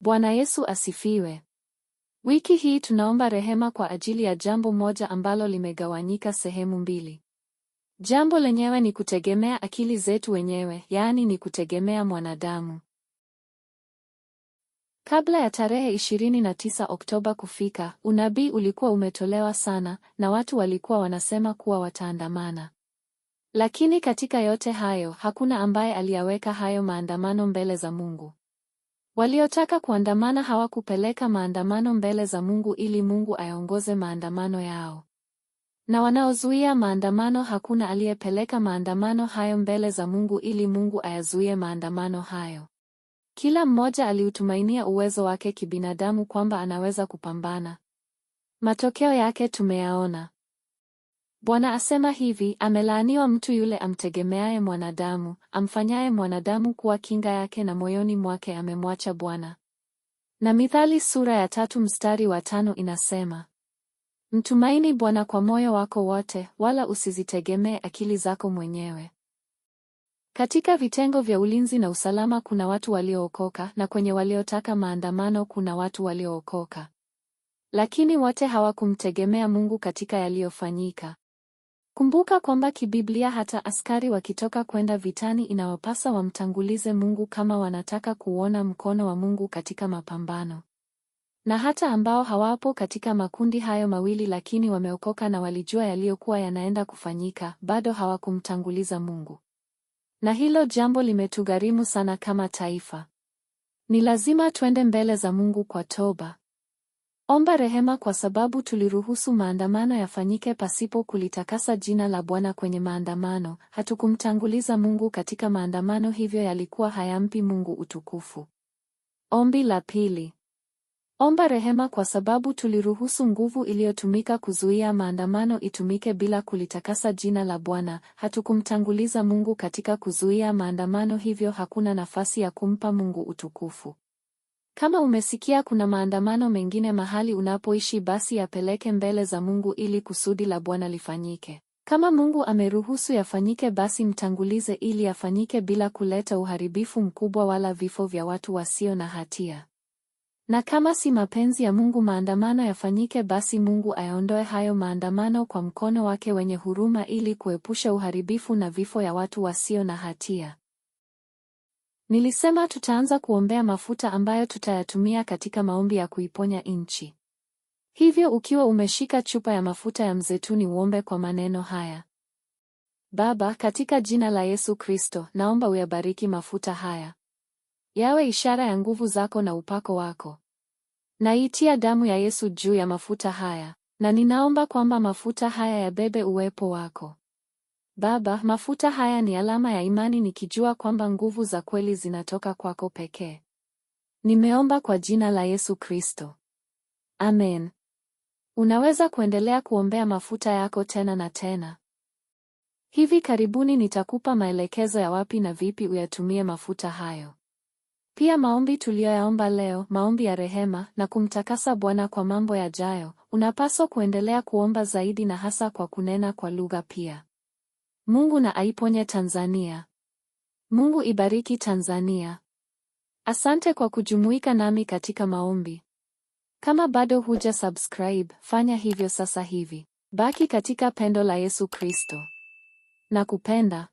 Bwana Yesu asifiwe. Wiki hii tunaomba rehema kwa ajili ya jambo moja ambalo limegawanyika sehemu mbili. Jambo lenyewe ni kutegemea akili zetu wenyewe, yaani ni kutegemea mwanadamu. Kabla ya tarehe 29 Oktoba kufika, unabii ulikuwa umetolewa sana na watu walikuwa wanasema kuwa wataandamana. Lakini katika yote hayo, hakuna ambaye aliyaweka hayo maandamano mbele za Mungu. Waliotaka kuandamana hawakupeleka maandamano mbele za Mungu ili Mungu ayaongoze maandamano yao. Na wanaozuia maandamano, hakuna aliyepeleka maandamano hayo mbele za Mungu ili Mungu ayazuie maandamano hayo. Kila mmoja aliutumainia uwezo wake kibinadamu kwamba anaweza kupambana. Matokeo yake tumeyaona. Bwana asema hivi, amelaaniwa mtu yule amtegemeaye mwanadamu, amfanyaye mwanadamu kuwa kinga yake na moyoni mwake amemwacha Bwana. Na Mithali sura ya tatu mstari wa tano inasema, mtumaini Bwana kwa moyo wako wote, wala usizitegemee akili zako mwenyewe. Katika vitengo vya ulinzi na usalama kuna watu waliookoka, na kwenye waliotaka maandamano kuna watu waliookoka, lakini wote hawakumtegemea Mungu katika yaliyofanyika. Kumbuka kwamba kibiblia hata askari wakitoka kwenda vitani inawapasa wamtangulize Mungu kama wanataka kuona mkono wa Mungu katika mapambano. Na hata ambao hawapo katika makundi hayo mawili lakini wameokoka na walijua yaliyokuwa yanaenda kufanyika, bado hawakumtanguliza Mungu. Na hilo jambo limetugharimu sana kama taifa. Ni lazima twende mbele za Mungu kwa toba. Omba rehema kwa sababu tuliruhusu maandamano yafanyike pasipo kulitakasa jina la Bwana kwenye maandamano. Hatukumtanguliza Mungu katika maandamano, hivyo yalikuwa hayampi Mungu utukufu. Ombi la pili. Omba rehema kwa sababu tuliruhusu nguvu iliyotumika kuzuia maandamano itumike bila kulitakasa jina la Bwana. Hatukumtanguliza Mungu katika kuzuia maandamano, hivyo hakuna nafasi ya kumpa Mungu utukufu. Kama umesikia kuna maandamano mengine mahali unapoishi, basi yapeleke mbele za Mungu ili kusudi la Bwana lifanyike. Kama Mungu ameruhusu yafanyike, basi mtangulize ili yafanyike bila kuleta uharibifu mkubwa wala vifo vya watu wasio na hatia. Na kama si mapenzi ya Mungu maandamano yafanyike, basi Mungu ayaondoe hayo maandamano kwa mkono wake wenye huruma ili kuepusha uharibifu na vifo ya watu wasio na hatia. Nilisema tutaanza kuombea mafuta ambayo tutayatumia katika maombi ya kuiponya nchi. Hivyo ukiwa umeshika chupa ya mafuta ya mzeituni uombe kwa maneno haya: Baba, katika jina la Yesu Kristo, naomba uyabariki mafuta haya. Yawe ishara ya nguvu zako na upako wako. Naitia damu ya Yesu juu ya mafuta haya, na ninaomba kwamba mafuta haya yabebe uwepo wako. Baba, mafuta haya ni alama ya imani, nikijua kwamba nguvu za kweli zinatoka kwako pekee. Nimeomba kwa jina la Yesu Kristo, amen. Unaweza kuendelea kuombea mafuta yako tena na tena. Hivi karibuni nitakupa maelekezo ya wapi na vipi uyatumie mafuta hayo. Pia maombi tuliyoyaomba leo, maombi ya rehema na kumtakasa Bwana kwa mambo yajayo, unapaswa kuendelea kuomba zaidi na hasa kwa kunena kwa lugha pia. Mungu na aiponye Tanzania. Mungu ibariki Tanzania. Asante kwa kujumuika nami katika maombi. Kama bado huja subscribe, fanya hivyo sasa hivi. Baki katika pendo la Yesu Kristo. Nakupenda.